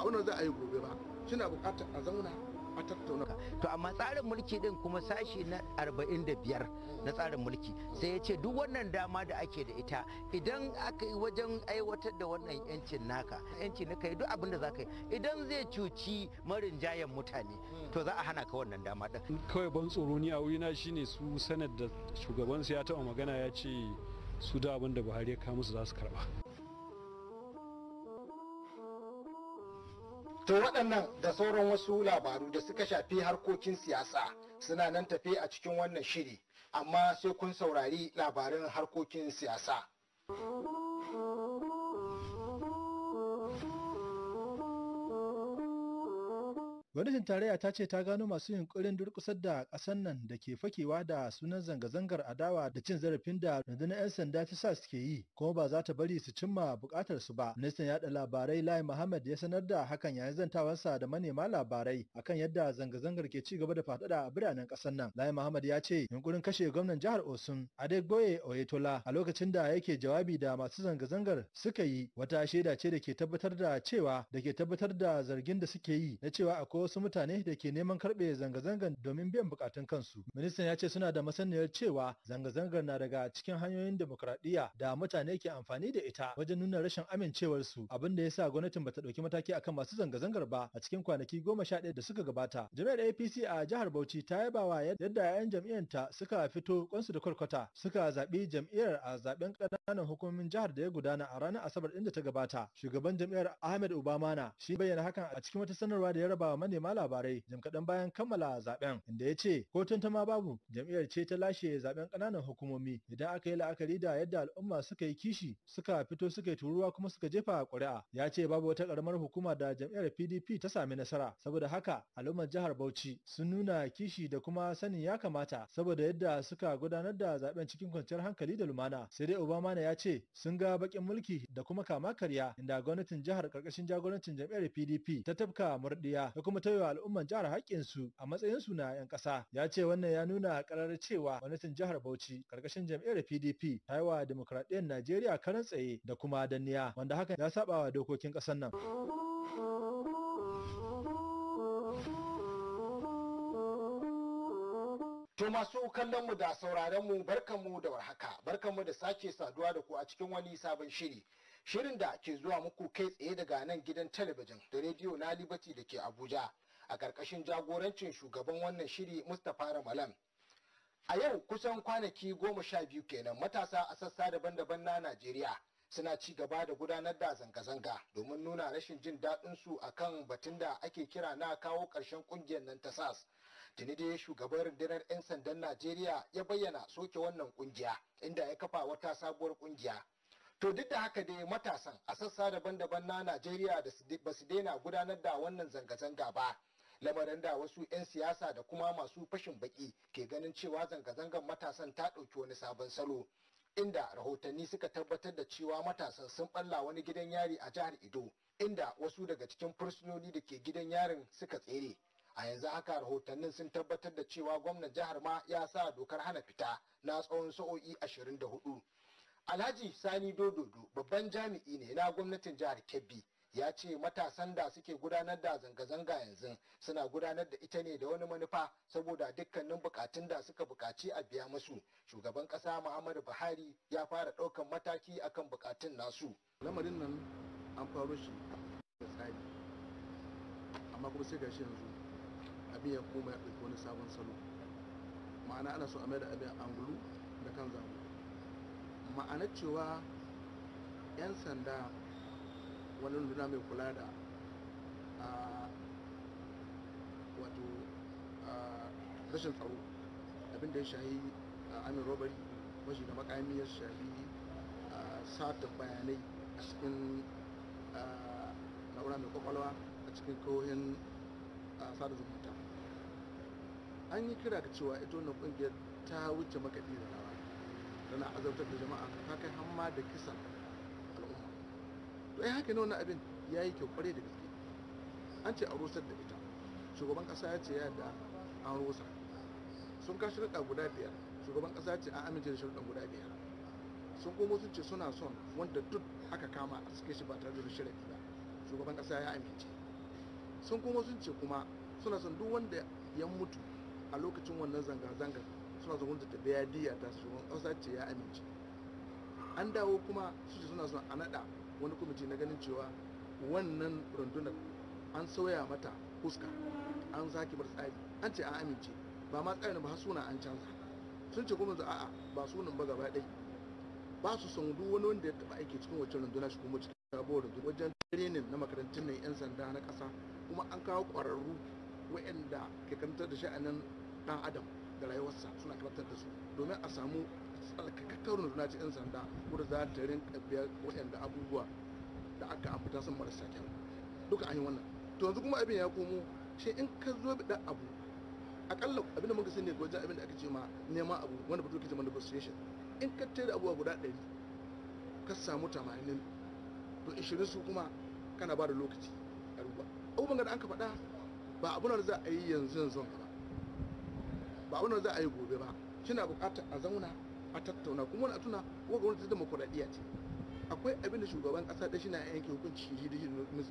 ba wannan za a yi gobe ba suna bukatar a zauna a tattauna to amma tsarin mulki din kuma sashi na 45 na tsarin mulki sai ya ce duk wannan dama da ake da ita idan aka yi wajen aiwatar da wannan yancin naka yanci na duk abin da za yi idan zai cuci marin marinjayen mutane to za a hana ka wannan dama din kawai ban tsoro ni a wurina shine su sanar da shugabansu ya taɓa magana ya ce su da abin da buhari ya kawo musu za su karba. To waɗannan da sauran wasu labaru da suka shafi harkokin siyasa suna nan tafe a cikin wannan shiri, amma sai kun saurari labarin harkokin siyasa. Gwamnatin tarayya ta ce ta gano masu yunkurin durƙusar da ƙasar nan da ke fakewa da sunan zanga-zangar adawa da cin zarafin da rundunar 'yan sanda ta sa suke yi kuma ba za ta bari su cimma buƙatar su ba. Ministan yaɗa labarai Lai Muhammad ya sanar da hakan yayin zantawarsa da manema labarai akan yadda zanga-zangar ke ci gaba da faɗaɗa a biranen ƙasar nan. Lai Muhammad ya ce yunkurin kashe gwamnan jihar Osun Adegboye Oyetola a lokacin da yake jawabi da masu zanga-zangar suka yi wata shaida ce da ke tabbatar da cewa da ke tabbatar da zargin da suke yi na cewa akwai akwai wasu mutane da ke neman karɓe zanga-zangar domin biyan bukatun kansu. Ministan ya ce suna da masaniyar cewa zanga-zangar na daga cikin hanyoyin demokuraɗiyya da mutane ke amfani da ita wajen nuna rashin amincewarsu abin da ya sa gwamnatin bata ɗauki mataki akan masu zanga-zangar ba a cikin kwanaki goma sha ɗaya da suka gabata. Jami'ar APC a jihar Bauchi ta yaba wa yadda 'yan jam'iyyanta suka fito kwansu da kwarkwata suka zaɓi jam'iyyar a zaɓen ƙananan hukumomin jihar da ya gudana a ranar Asabar ɗin da ta gabata. Shugaban jam'iyyar Ahmed Obamana shi bayyana hakan a cikin wata sanarwa da ya raba wa manema labarai jim kaɗan bayan kammala zaben inda ya ce ko tantama babu jam'iyyar ce ta lashe zaben ƙananan hukumomi idan aka yi la'akari da yadda al'umma suka yi kishi suka fito suka yi turuwa kuma suka jefa ƙuri'a ya ce babu wata ƙaramar hukuma da jam'iyyar PDP ta sami nasara saboda haka al'ummar jihar Bauchi sun nuna kishi da kuma sanin ya kamata saboda yadda suka gudanar da zaben cikin kwanciyar hankali da lumana sai dai Obama ya ce sun ga baƙin mulki da kuma kama karya inda gwamnatin jihar karkashin jagorancin jam'iyyar PDP ta tafka murɗiya da kuma wa al'umman jihar haƙƙinsu a matsayinsu na 'yan ƙasa. Ya ce wannan ya nuna ƙarar cewa gwamnatin jihar Bauchi ƙarƙashin jam'iyyar PDP ta yi wa dimokuraɗiyyar Najeriya karan tsaye da kuma danniya wanda hakan ya saba wa dokokin ƙasar nan. To masu kallon mu da sauraron mu barkan mu da warhaka, barkan mu da sake saduwa da ku a cikin wani sabon shiri. shirin da ke zuwa muku kai tsaye daga nan gidan talabijin da rediyo na libati da ke abuja a ƙarƙashin jagorancin shugaban wannan shiri mustapha ramalan a yau kusan kwanaki goma sha biyu kenan matasa a sassa daban-daban na najeriya suna ci gaba da gudanar da zanga-zanga domin nuna rashin jin daɗin su akan batun da ake kira na kawo ƙarshen ƙungiyar nan ta sas tuni dai shugaban rundunar 'yan sandan najeriya ya bayyana soke wannan ƙungiya inda ya kafa wata sabuwar ƙungiya To duk da haka dai matasan a sassa daban-daban na Najeriya ba su daina gudanar da wannan zanga-zanga ba. Lamarin da wasu 'yan siyasa da kuma masu fashin baki ke ganin cewa zanga-zangan matasan ta ɗauki wani sabon salo. Inda rahotanni suka tabbatar da cewa matasan sun ɓalla wani gidan yari a jihar Ido, inda wasu daga cikin fursunoni da ke gidan yarin suka tsere. a yanzu haka rahotannin sun tabbatar da cewa gwamnan jihar ma ya sa dokar hana fita na tsawon sa'o'i 24 alhaji sani dododo babban jami'i ne na gwamnatin jihar kebbi ya ce matasan da suke gudanar da zanga-zanga yanzu suna gudanar da ita ne da wani manufa saboda dukkanin bukatun da suka bukaci a biya musu shugaban kasa muhammadu buhari ya fara daukan mataki akan bukatun nasu lamarin nan an faro shi da tsari amma kuma sai gashi yanzu abin ya koma ya ɗauki wani sabon salo ma'ana ana so a mai da abin angulu da kan zamu ma'ana cewa 'yan sanda wani runduna mai kula da wato rashin tsaro abinda ya shahi amin robbery mashi da makami ya shahi sata bayanai a cikin na'ura mai kwakwalwa a cikin kohin sada zumunta an yi kira ga cewa ita wannan kungiyar ta wuce makaɗi da tana azabtar da jama'a ta kai hamma da kisan al'umma to ai haka ne wannan abin ya yi kyau kware da gaske an ce a rusar da ita shugaban kasa ya ce ya da an rusa sun ka shirɗa guda biyar shugaban kasa ce an amince da shirɗan guda biyar sun komo sun ce suna son wanda duk aka kama a suke shi ba tare da shirin ba shugaban kasa ya amince sun komo sun ce kuma suna son duk wanda ya mutu a lokacin wannan zanga-zangar suna zaune da tafiya diya ta wani ƙasa ce ya amince an dawo kuma su ce suna son a naɗa wani kwamiti na ganin cewa wannan rundunar an sauya mata fuska an zaki bar tsari an ce an amince ba ma tsarin ba suna an canza sun ce kuma a'a ba sunan ba gaba ɗai ba su son duk wani wanda ya taɓa aiki cikin wacce runduna shi kuma cikin sabuwar rundunar wajen training na makarantun nan 'yan sanda na ƙasa kuma an kawo ƙwararru waɗanda ke kantar da sha'anin dan adam da rayuwarsa suna karantar da su domin a samu tsalkakakkar runduna ce 'yan sanda wadda za ta rinka biyar waɗanda abubuwa da aka amfata sun marasa kyau duka an yi wannan to yanzu kuma abin ya komo shi in ka zo bi dan abu akalla abin da muka sani wajen abin da aka ce ma neman abu wanda fito ke negotiation in ka tare da abubuwa guda ɗari ka samu tamanin to ishirin su kuma kana ba da lokaci a ruba abubuwan da an ka faɗa ba abu da za a yi yanzu yanzu ba ba wani za a yi gobe ba kina bukatar a zauna a tattauna kuma wani a tuna ko ga ta demokuraɗiyya ce akwai abin da shugaban ƙasa da shi na yanke hukunci shi da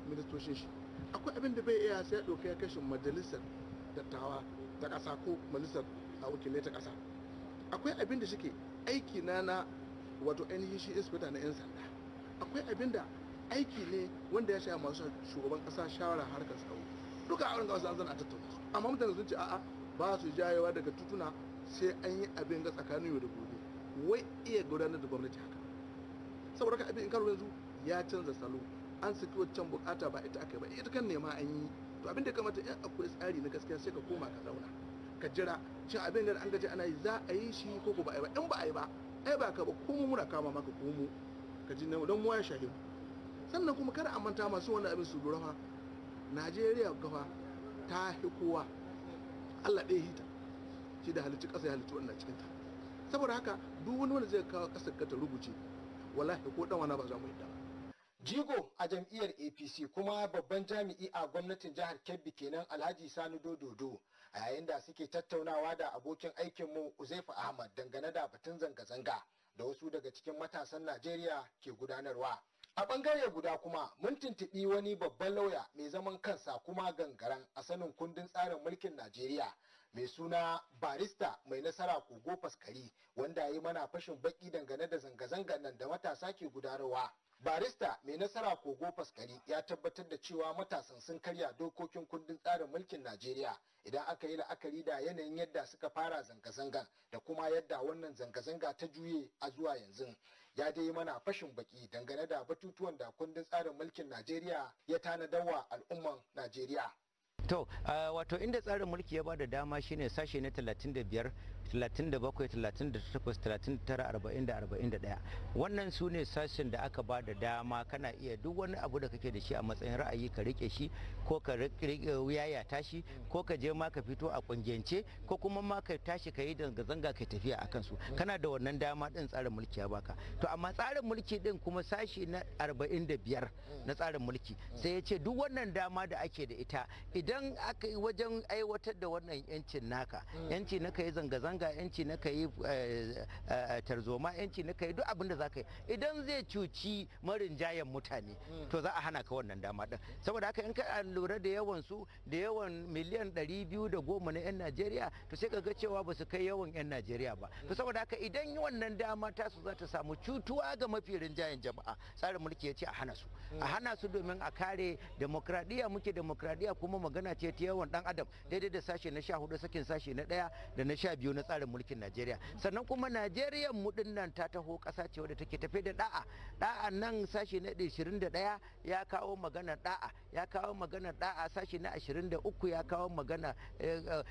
ministocin shi akwai abin da bai iya sai ya ɗauki ya kashin majalisar dattawa ta ƙasa ko majalisar a wakilai ta ƙasa akwai abin da shike aiki na na wato ainihin shi inspector na 'yan sanda akwai abin da aiki ne wanda ya sha masu shugaban ƙasa shawara harkar tsaro duka a wurin ga wasu an zana a tattauna amma mutane sun ce a'a ba su jayewa daga tutuna sai an yi abin ga tsakanin yau da gobe wai iya gudanar da gwamnati haka saboda ka abin karo yanzu ya canza salo an saki waccan bukata ba ita aka yi ba ita kan nema an yi to abin da kamata in akwai tsari na gaskiya sai ka koma ka zauna ka jira cin abin da an gaji ana yi za a yi shi ko ko ba a yi ba in ba a yi ba ai ba ka ba ko mu muna kama maka ko mu ka ji don mu ya shahi sannan kuma kada a manta masu wani abin su durafa najeriya gaba ta hi kowa Allah ɗaya hita shi da halittu ƙasa ya halicci wannan cikin ta saboda haka duk wani wanda zai kawo ƙasar ka ta rubuce wallahi ko dan ba za mu yi ba jigo a jam'iyyar apc kuma babban jami'i a gwamnatin jihar kebbi kenan alhaji sani dododo a yayin da suke tattaunawa da abokin aikinmu Uzaifu ahmad dangane da batun zanga-zanga da wasu daga cikin matasan najeriya ke gudanarwa a bangare guda kuma mun tuntuɓi wani babban lauya mai zaman kansa kuma gangaren a sanin kundin tsarin mulkin najeriya mai suna barista mai nasara kogo faskari wanda ya yi mana fashin baki dangane da zanga-zangan nan da matasa ke gudanarwa barista mai nasara kogo faskari ya tabbatar da cewa matasan sun karya dokokin kundin tsarin mulkin najeriya idan aka yi la'akari da yanayin yadda suka fara zanga-zangan da kuma yadda wannan zanga-zanga ta juye a zuwa yanzu ya dai mana fashin baki dangane da batutuwan da kundin tsarin mulkin Najeriya ya tanadawa al'umman Najeriya. To, wato inda tsarin mulki ya ba da dama shine sashe na 35 37,38,39,40,41 wannan su ne sashen da aka ba da dama kana iya duk wani abu da kake da shi a matsayin ra'ayi ka rike shi ko ka ya tashi ko ka je ma ka fito a kungiyance ko kuma ma ka tashi ka yi zanga-zanga ka tafiya a kansu kana da wannan dama din tsarin mulki ya baka to amma tsarin mulki din kuma sashi na 45 na tsarin mulki sai ya ce duk wannan dama da ake da ita idan aka yi wajen aiwatar da wannan yancin naka yanci naka yi zanga-zanga zanga-zanga yanci na ka yi eh, eh, eh, tarzoma yanci na ka yi duk abin da za ka yi idan zai cuci marinjayen mutane hmm. to za a hana ka wannan dama din saboda haka in ka lura da yawan su da yawan miliyan ɗari biyu da goma na 'yan najeriya to sai ka ga cewa ba su kai yawan 'yan najeriya ba to saboda haka idan wannan dama su za ta samu cutuwa ga mafi rinjayen jama'a tsarin mulki ya ce a hana su a hmm. hana su domin a kare demokradiyya muke demokradiyya kuma magana ce ta yawan dan adam daidai da sashe na sha hudu sakin sashe na ɗaya da na sha biyu na tsarin mulkin najeriya sannan kuma najeriya mu nan ta taho ƙasa ce wadda take tafe da da'a da'a nan sashi na 21 ya kawo magana da'a ya kawo magana da'a sashi na 23 ya kawo magana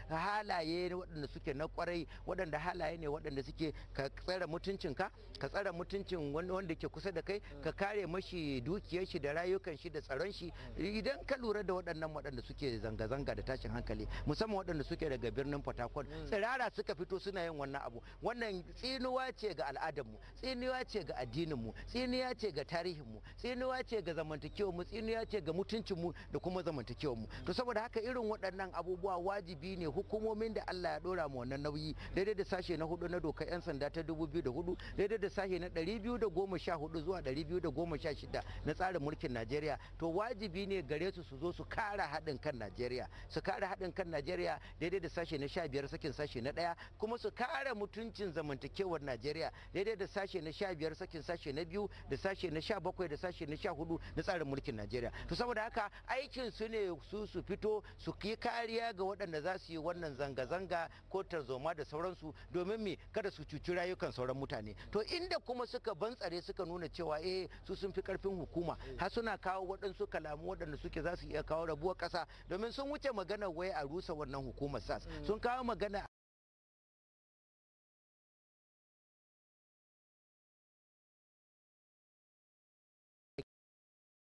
halaye waɗanda suke na kwarai waɗanda halaye ne waɗanda suke ka tsare mutuncinka ka tsare mutuncin wanda ke kusa da kai ka kare mashi dukiyar shi da rayukan shi da tsaron shi idan ka lura da waɗannan waɗanda suke zanga-zanga da tashin hankali musamman waɗanda suke daga birnin fatakwal mm. tsirara suka fito fito suna yin wannan abu wannan tsinuwa ce ga al'adarmu tsinuwa ce ga addininmu tsinuwa ce ga tarihinmu tsinuwa ce ga zamantakewarmu tsinuwa ce ga mutuncinmu da kuma zamantakewarmu to saboda haka irin waɗannan abubuwa wajibi ne hukumomin da Allah ya dora mu wannan nauyi daidai da sashe na hudu na doka 'yan sanda ta 2004 daidai da sashe na 214 zuwa 216 na tsarin mulkin Najeriya to wajibi ne gare su su zo su kara haɗin kan Najeriya su kara haɗin kan Najeriya daidai da sashe na 15 sakin sashe na 1 kuma su kare mutuncin zamantakewar najeriya daidai da sashe na sha biyar sakin sashe na biyu da sashe na sha bakwai da sashe na sha hudu na tsarin mulkin najeriya to saboda haka aikin su ne su su fito su yi kariya ga waɗanda za su yi wannan zanga-zanga ko tarzoma da sauransu domin me kada su cuci rayukan sauran mutane to inda kuma suka bantsare suka nuna cewa eh su sun fi karfin hukuma har suna kawo waɗansu kalamu waɗanda suke za su iya kawo rabuwar ƙasa domin sun wuce magana wai a rusa wannan hukumar sas sun kawo magana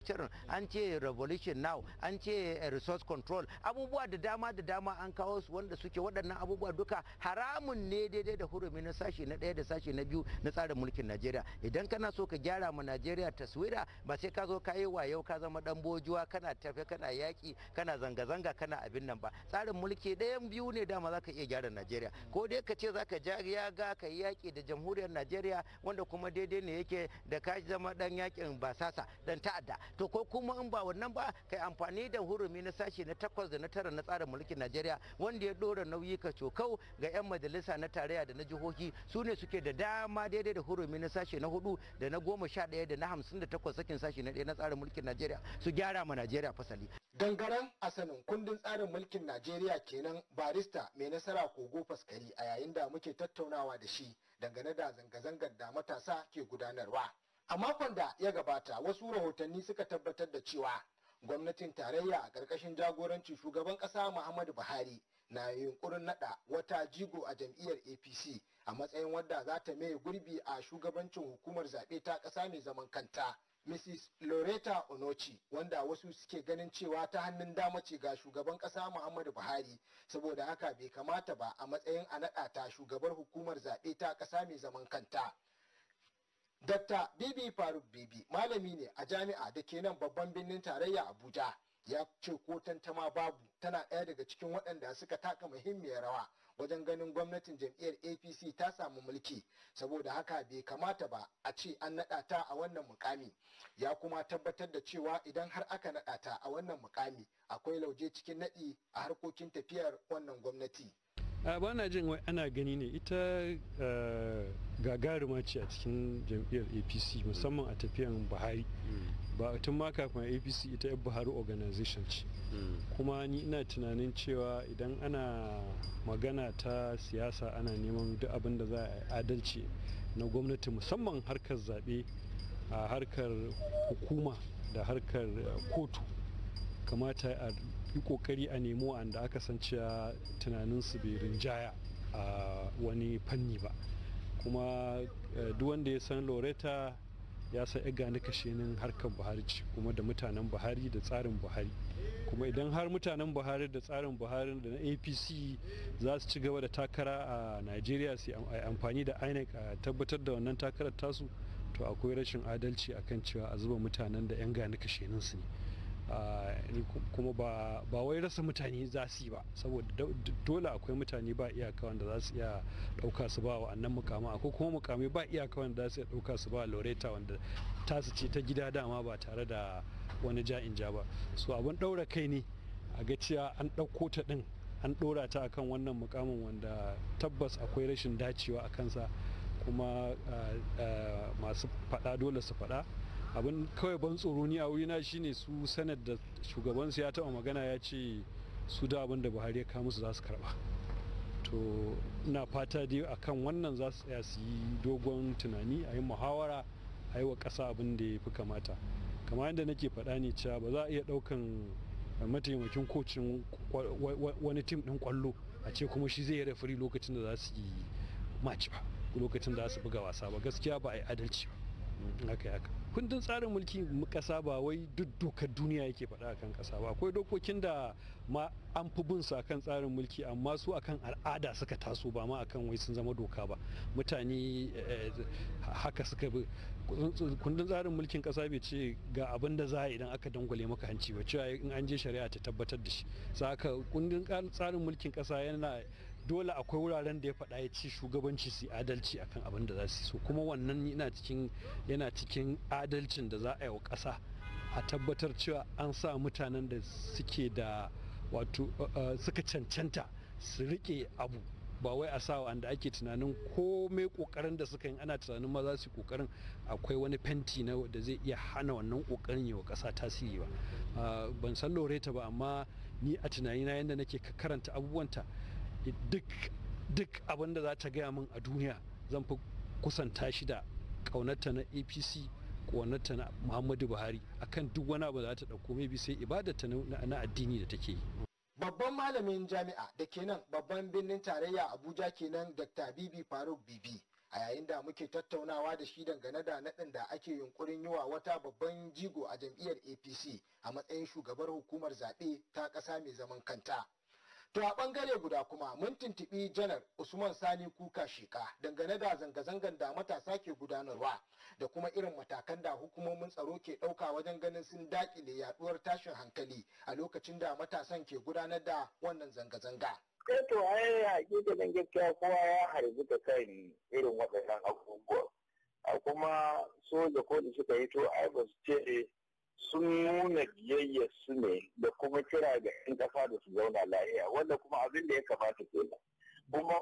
manufacturing an ce revolution now an ce eh, resource control abubuwa da dama da dama an kawo su wanda suke waɗannan abubuwa duka haramun ne daidai da hurumi na sashi na ɗaya da sashi na biyu na tsarin mulkin najeriya idan kana so ka gyara ma najeriya taswira ba sai ka zo ka yi wayo ka zama dan bojuwa kana tafe kana yaƙi kana zanga-zanga kana abin nan ba tsarin mulki ɗayan biyu ne dama za ka iya gyara najeriya ko dai ka ce za ka ja ga ka yi yaƙi da jamhuriyar najeriya wanda kuma daidai ne yake da ka zama dan yaƙin basasa dan ta'adda to ko kuma in ba wannan ba kai amfani da hurumi na sashi na takwas da na tara na tsarin mulkin najeriya wanda ya dora nauyi ka cokau ga 'yan majalisa na tarayya da na jihohi su ne suke da dama daidai da hurumi na sashe na hudu da na goma sha ɗaya da na hamsin da takwas sakin sashe na ɗaya na tsarin mulkin najeriya su gyara ma najeriya fasali gangaren asanin kundin tsarin mulkin najeriya kenan barista mai nasara kogo faskari a yayin da muke tattaunawa da shi dangane da zanga-zangar da matasa ke gudanarwa A makon da ya gabata wasu rahotanni suka tabbatar da cewa gwamnatin tarayya a ƙarƙashin jagorancin shugaban ƙasa Muhammadu Buhari na yunkurin nada wata jigo a jam'iyyar APC a matsayin wadda za ta mai gurbi a shugabancin hukumar zaɓe ta ƙasa mai zaman kanta. Mrs. Loretta Onochi wanda wasu suke ganin cewa ta hannun dama ce ga shugaban ƙasa Muhammadu Buhari saboda haka bai kamata ba a matsayin a naɗa ta shugabar hukumar zaɓe ta ƙasa mai zaman kanta. Dr. Bibi Faruk Bibi malami ne a jami'a da ke nan babban birnin tarayya Abuja ya ce ko tantama babu tana ɗaya daga cikin waɗanda suka taka muhimmiyar rawa wajen ganin gwamnatin jam'iyyar APC ta samu mulki saboda haka bai kamata ba a ce an naɗa ta a wannan mukami ya kuma tabbatar da cewa idan har aka naɗa ta a wannan mukami akwai lauje cikin naɗi a harkokin tafiyar wannan gwamnati. ba na jin wai ana gani ne ita gagaruma ce a cikin jam'iyyar apc musamman a tafiyan buhari mm. ba tun ma kafin apc ita yar buhari organization ce mm. kuma ni ina tunanin cewa idan ana magana ta siyasa ana neman duk abin da za a adalci na gwamnati musamman harkar zaɓe a harkar hukuma da harkar kotu kamata a yi kokari a nemo da aka san cewa tunaninsu bai rinjaya a wani fanni ba kuma eh, duk wanda ya san loretta ya san kashenin harkar buhari ce kuma da mutanen buhari da tsarin buhari kuma idan har mutanen buhari da tsarin buhari da na apc za su ci gaba da takara a nigeria su amfani da inec a tabbatar da wannan takarar tasu to akwai rashin adalci akan cewa a zuba mutanen da 'yan gani kashenin su ne kuma ba wai rasa mutane za su yi ba saboda dole akwai mutane ba iyaka wanda za su iya ɗauka su ba wa annan mukama akwai kuma mukamai ba iyaka wanda za su iya ɗauka su ba loreta wanda ta su ce ta gida dama ba tare da wani ja'in ja ba so abin daura kai ne a ga cewa an ɗauko ta ɗin an dora ta akan wannan mukamin wanda tabbas akwai rashin dacewa a kansa kuma masu faɗa dole su faɗa abin kawai ban tsoro ni a wurina shine su sanar da shugabansu ya taba magana ya ce su da abin da buhari ya kawo musu za su karɓa to na fata dai a kan wannan za su tsaya su yi dogon tunani a yi muhawara a yi wa ƙasa abin da ya fi kamata kama yadda nake faɗa ne cewa ba za a iya ɗaukan mataimakin kocin wani tim ɗin kwallo a ce kuma shi zai refari lokacin da za su yi maci ba lokacin da za su buga wasa ba gaskiya ba a yi adalci ba haka haka kundin tsarin mulki kasa ba wai duk dokar duniya yake faɗa akan kasa ba akwai dokokin da ma an fi bin su akan tsarin mulki amma su akan al'ada suka taso ba ma akan wai sun zama doka ba mutane eh, haka suka bi kundin tsarin mulkin kasa bai ce ga abin da za a idan aka dangwale maka hanci ba cewa in an je shari'a ta tabbatar da shi saka kundin tsarin mulkin kasa yana dole akwai wuraren da ya faɗa ya ci shugabanci su adalci akan abin da za su so kuma wannan yana cikin yana cikin adalcin da za a yi wa ƙasa a tabbatar cewa an sa mutanen da suke da wato uh, uh, suka cancanta su riƙe abu ba wai a sawa da ake tunanin komai kokarin da suka yi ana tunanin maza za su kokarin akwai wani fenti na da zai iya hana wannan kokarin yawa kasa tasiri ba uh, ban san loreta ba amma ni a tunanina yadda nake karanta abubuwanta duk duk abin da za ta gaya min a duniya zan fi kusanta shi da ƙaunarta na apc ƙaunarta na muhammadu buhari akan duk wani abu za ta ɗauko mai sai ibadata na addini da take yi babban malamin jami'a da kenan babban birnin tarayya abuja kenan dr bibi faruk bibi a yayin da muke tattaunawa da shi dangane da naɗin da ake yunkurin yi wa wata babban jigo a jam'iyyar apc a matsayin shugabar hukumar zaɓe ta ƙasa mai zaman kanta To a bangare guda kuma mun tuntuɓi janar Usman Sani Kuka shika dangane da zanga-zangan da matasa ke gudanarwa da kuma irin matakan da hukumomin tsaro ke ɗauka wajen ganin sun daƙile yaɗuwar tashin hankali a lokacin da matasan ke gudanar da wannan zanga-zanga. Eh to gaskiya kowa ya harbi da kan irin waɗannan abubuwa. A kuma soja ko da suka yi to ai ba su ce sun nuna biyayya su ne da kuma kira ga 'yan ƙasa da su zauna lahiya wanda kuma abin da ya kamata kenan kuma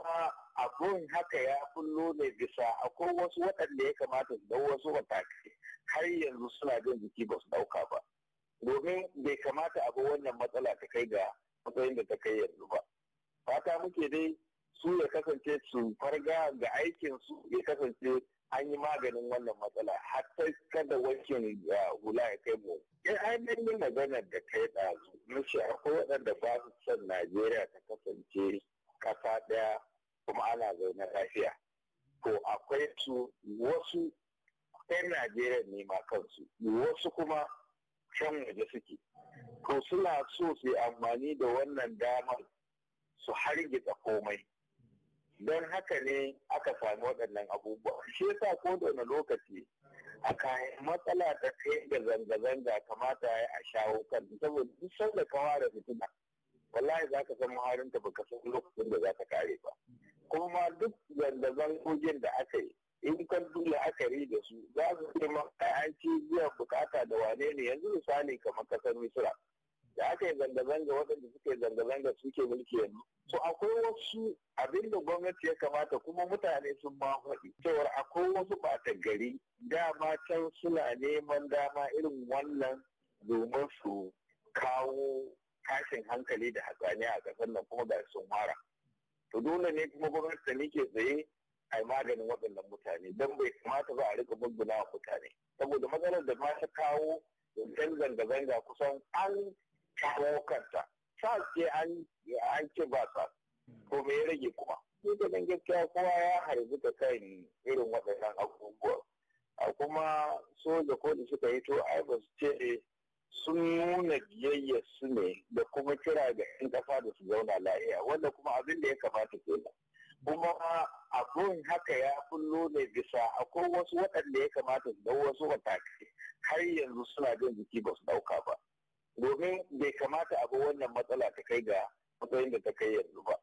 abun haka ya kullo ne bisa akwai wasu waɗanda ya kamata su dau wasu matakai har yanzu suna jin jiki ba su ɗauka ba domin bai kamata a wannan matsala ta kai ga matsayin da ta kai yanzu ba fata muke dai su ya kasance su farga ga aikinsu ya kasance an yi maganin wannan matsala hatta kada wankin hula ya kai mu in an nan yi maganar da kai ɗazu nace akwai waɗanda ba su son najeriya ta kasance kasa ɗaya kuma ana zaune lafiya to akwai su wasu kai najeriya ne ma kansu wasu kuma can waje suke to suna so su yi amfani da wannan damar su hargitsa komai don haka ne aka sami waɗannan abubuwa shi yasa ko da wani lokaci a kayan matsala ta kai da zanga-zanga kamata ya a shawo kan saboda duk sanda ka ware fitina wallahi za ka san muharin ta baka san lokacin da za ka kare ba kuma duk zanga-zangogin da aka yi in ka dula yi da su za su ce ma an biyan bukata da wane ne yanzu misali kamar kasar misira da aka yi zanga-zanga waɗanda suka yi zanga-zanga suke mulki yanzu so akwai wasu abin da gwamnati ya kamata kuma mutane sun ma faɗi cewar akwai wasu ɓata gari dama can suna neman dama irin wannan domin su kawo tashin hankali da hatsaniya a ƙasar nan kuma ga sun mara to dole ne kuma gwamnati ne ke tsaye a yi maganin waɗannan mutane don bai kamata ba a rika bugguna mutane saboda matsalar da ma ta kawo zan zanga-zanga kusan an kawo kanta sas je an an ce ba sas ko me ya rage kuma ni da nan gaskiya kowa ya harbi da kan irin waɗannan abubuwan a kuma soja ko da suka yi to ai ba su ce sun nuna biyayya su ne da kuma kira ga 'yan ƙasa da su zauna lafiya wanda kuma abin da ya kamata kenan kuma abun haka ya kullo ne bisa akwai wasu waɗanda ya kamata su dau wasu matakai har yanzu suna jin jiki ba su ɗauka ba domin bai kamata a wannan matsala ta kai ga matsayin da ta kai yanzu ba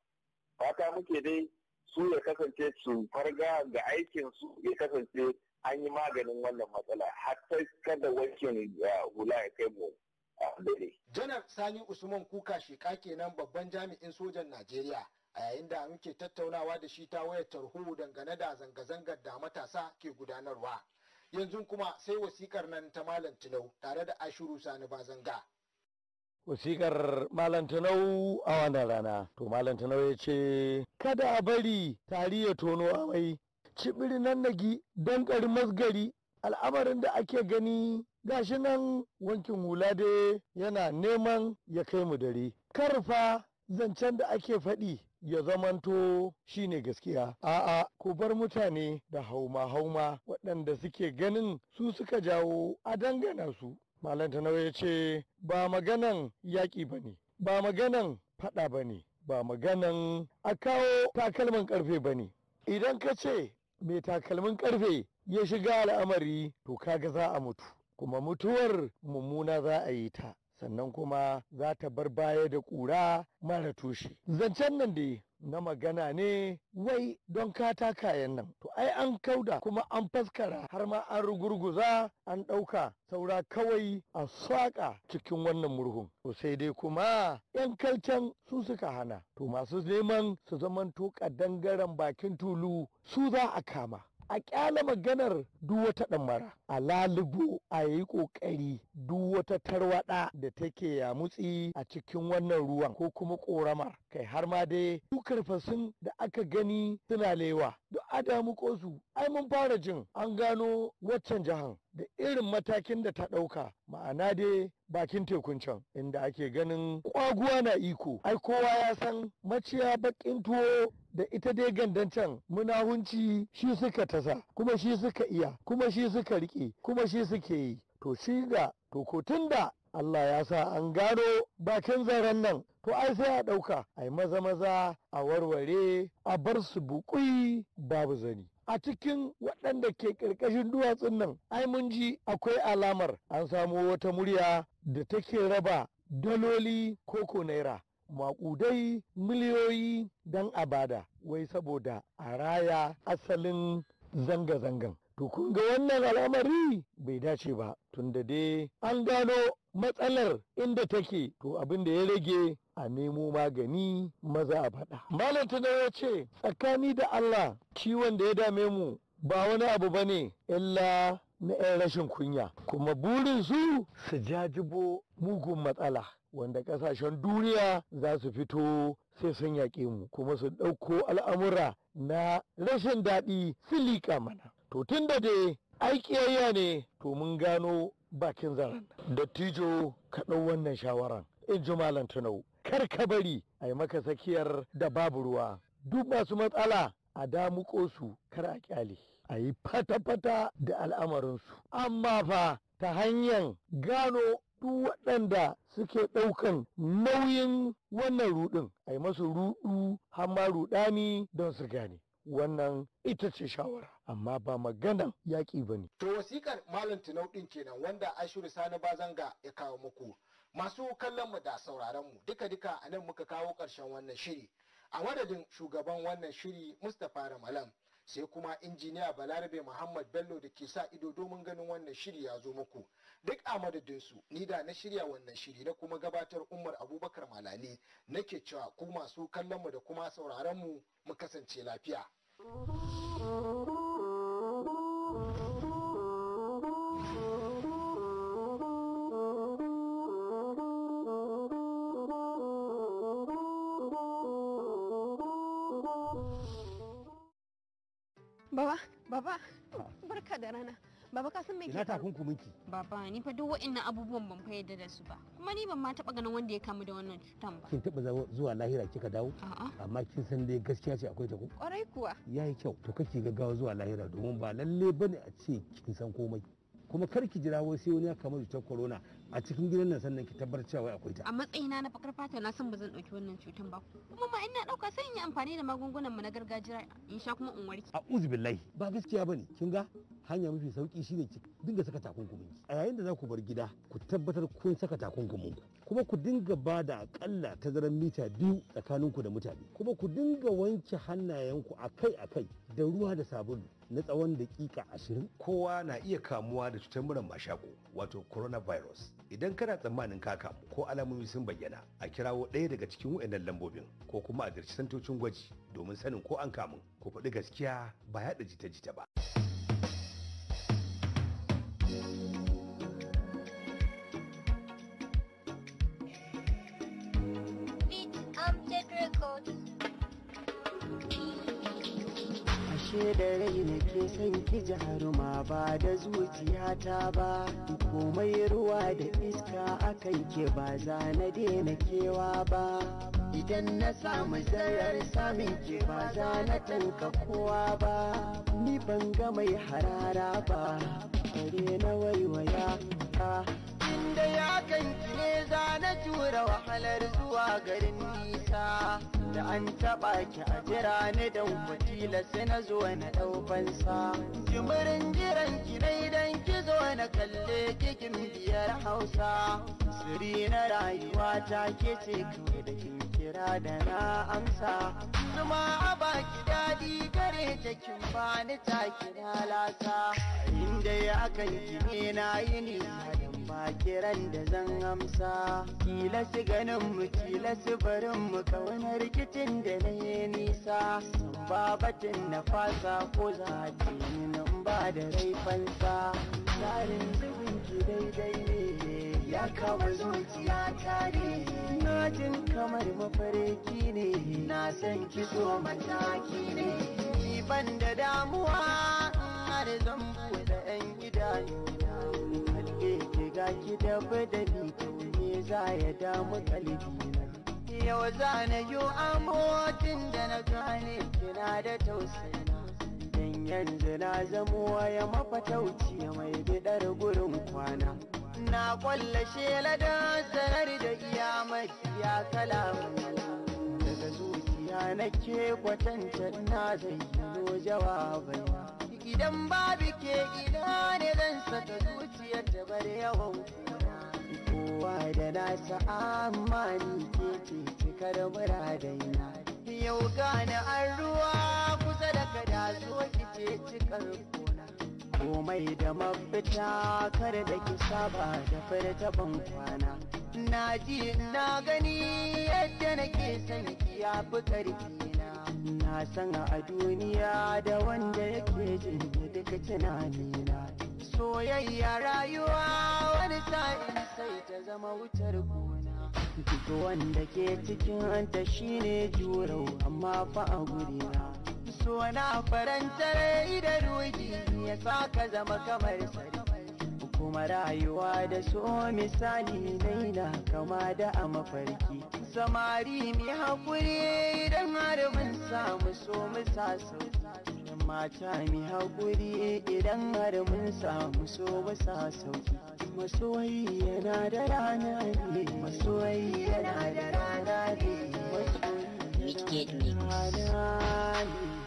fata muke dai su ya kasance su farga ga aikin su ya kasance an yi maganin wannan matsala hatta kada wakin ah, hula ya kai mu ah, dare. janar sani usman kuka sheka kenan babban jami'in sojan najeriya a yayin da muke tattaunawa da shi ta wayar tarho dangane da zanga-zangar da matasa ke gudanarwa yanzu kuma sai wasikar nan ta malam tilau tare da ashiru sani bazanga wasikar malam tanau a wannan rana to malam tanau ya ce kada a bari tari ya tono amai cibiri nan nagi dan ƙari masgari al'amarin da ake gani gashi nan wankin hula dai yana neman ya kai mu dare karfa zancen da ake faɗi ya zamanto shine gaskiya a'a ku bar mutane da hauma hauma waɗanda suke ganin su suka jawo a dangana su malam tanau ya ce ba maganan yaƙi ba ne ba maganan faɗa ba ne ba maganan a kawo takalmin ƙarfe ba ne idan ka ce mai takalmin ƙarfe ya shiga al'amari to kaga za a mutu kuma mutuwar mummuna za a yi ta sannan kuma za ta bar baya da ƙura mara tushe zancen nan da na magana ne wai don kata kayan nan to ai an kauda kuma an faskara har ma an rugurguza an ɗauka saura kawai a saƙa cikin wannan murhun to sai dai kuma 'yan kalcan su suka hana to masu neman su zamanto ƙadangaren bakin tulu su za a kama a kyala maganar duk wata ɗammara, a lalubu a yi ƙoƙari duk wata tarwaɗa da take yamutsi a cikin wannan ruwan ko kuma ƙoramar kai har ma dai duk fasin da aka gani suna lewa duk adamu kosu ai mun fara jin an gano waccan jahan. da irin matakin da ta ɗauka ma'ana dai bakin tekun can inda ake ganin kwaguwa na iko ai kowa ya san maciya baƙin tuwo da ita dai gandan can munahunci shi suka tasa kuma shi suka iya kuma shi suka rike kuma shi suke yi to shi ga to ko da Allah ya sa an gano bakin zaren nan to ai sai a ɗauka ai maza maza a warware a bar su buƙui babu zani a cikin waɗanda ke ƙarƙashin duwatsun nan ai mun ji akwai alamar an samo wata murya da take raba daloli koko naira maƙudai miliyoyi don a bada wai saboda a raya asalin zanga-zangan to kun ga wannan al'amari bai dace ba tunda dai an gano matsalar inda take to abin da ya rage a nemo magani maza a faɗa. Malam ya ce tsakani da Allah ciwon da ya dame mu ba wani abu ba ne illa na 'yan rashin kunya kuma burin su su jajibo mugun matsala wanda kasashen duniya za su fito sai sun yaƙe mu kuma su ɗauko al'amura na rashin daɗi su liƙa mana to tun da dai aiki aikiyayya ne to mun gano bakin zaren dattijo ka ɗau wannan shawaran in ji malam tunau kar ka bari a yi maka tsakiyar da babu ruwa duk masu matsala a damuƙo su kar a ƙyale a yi fata-fata da al'amarinsu amma fa ta hanyar gano duk waɗanda suke ɗaukan nauyin wannan ruɗin a yi masu ruɗu har ma ruɗani don su gane wannan ita ce shawara amma ba maganan yaƙi ba ne. To wasikar Malam Tinau ɗin kenan wanda Ashiru Sani ba Bazanga ya kawo muku. Masu kallon mu da sauraron mu duka-duka a nan muka kawo ƙarshen wannan shiri. A madadin shugaban wannan shiri Mustapha Ramalan sai kuma injiniya Balarabe Muhammad Bello da ke sa ido domin ganin wannan shiri ya zo muku. duk a madadinsu ni da na shirya wannan shiri na kuma gabatar umar abubakar Malami, nake cewa ku masu kallon mu da kuma sauraron mu mu kasance lafiya Baba, baba, barka da rana. Baba ka san me ke takunkumin ki? Baba ni fa duk wa'annan abubuwan ban fa yarda da su ba. Kuma ni ban ma taba ganin wanda ya kamu da wannan cutan ba. Kin taba zuwa lahira kika dawo? A'a. Amma kin san dai gaskiya ce akwai ta ku. Kwarai kuwa. Yayi kyau to kake gaggawa zuwa lahira domin ba lalle bane a ce kin san komai. kuma kar ki jira wai sai wani ya kamu da cutar corona a cikin gidan nan sannan ki tabbatar cewa akwai ta a matsayina na fakar fata na san ba zan dauki wannan cutan ba kuma ma ina dauka sai in yi amfani da magungunan mu na gargajiya in sha kuma in warke a'udhu billahi ba gaskiya bane kin ga hanya mafi sauki shine ki dinga saka takunkumin a yayin da za ku bar gida ku tabbatar kun saka takunkumin ku kuma ku dinga ba da akalla tazarar mita biyu tsakaninku da mutane kuma ku dinga wanke hannayenku akai-akai da ruwa da sabulu na tsawon dakika ashirin kowa na iya kamuwa da cutar murar mashako wato coronavirus idan kana tsammanin ka kamu ko alamomi sun bayyana a kirawo ɗaya daga cikin wa'annan lambobin ko kuma a ziyarci santocin gwaji domin sanin ko an kamu ko faɗi gaskiya ba yaɗa jita-jita ba. ke da rai nake san ki jaruma ba da zuciyata ba komai ruwa da iska akan ke ba za na daina kewa ba idan na samu zarar samun ke ba za na tanka kowa ba ni ban ga mai harara ba kare na waiwaya ba da ya kanki ne za na jura wahalar zuwa garin nisa Da an taɓa ki a jira ni da wakila sai na zo na ɗau fansa Jimirin jiran ki na idan ki zo na kalle kikin biyar hausa Siri na rayuwa ta ke ce kawai da kin kira da na amsa Zuma a baki daɗi kare ta kin ni ta na lasa Inda ya kanki ne na yi nisa ba kiran da zan amsa kila su ganin mu kila su barin mu kauna rikicin da na yi nisa ba batin na fasa ko za ki nan ba da rai fansa tsarin zubin ki daidai ne ya kama zuciya tare na jin kamar mafarki ne na san ki so mataki ne ban da damuwa har zan buɗe 'yan idanu ki da badali to me za ya damu kalbina yau za na yi amotin da na gane kina da tausayina dan yanzu na zamo waya mafatauci mai bidar gurin kwana na kwalla shela da sanar da iya mafiya kala daga zuciya nake kwatanta na zai jawabai idan babu ke gida ne zan saka zuciyar da bar yawan kowa da nasa amma ni ke ce cikar muradaina yau gane an ruwa kusa da kada zo ki ce cikar kona komai da mafita kar da ki saba da furta ban kwana na ji na gani yadda nake sanki ya fi karfi na san a duniya da wanda yake jin duka tunanina soyayya rayuwa wani sa'in sai ta zama wutar gona duk wanda ke cikin ta shine jurau amma fa a gurina so na faranta rai da ruhi ya sa ka zama kamar sarki kuma rayuwa da so misali laila kama da a mafarki samari mai haƙuri idan har mun samu so mu sa sauki mata mai haƙuri idan har mun samu so mu sa sauki masoyi yana da rana ne masoyi yana da rana ne e. masoyi yana da rana ne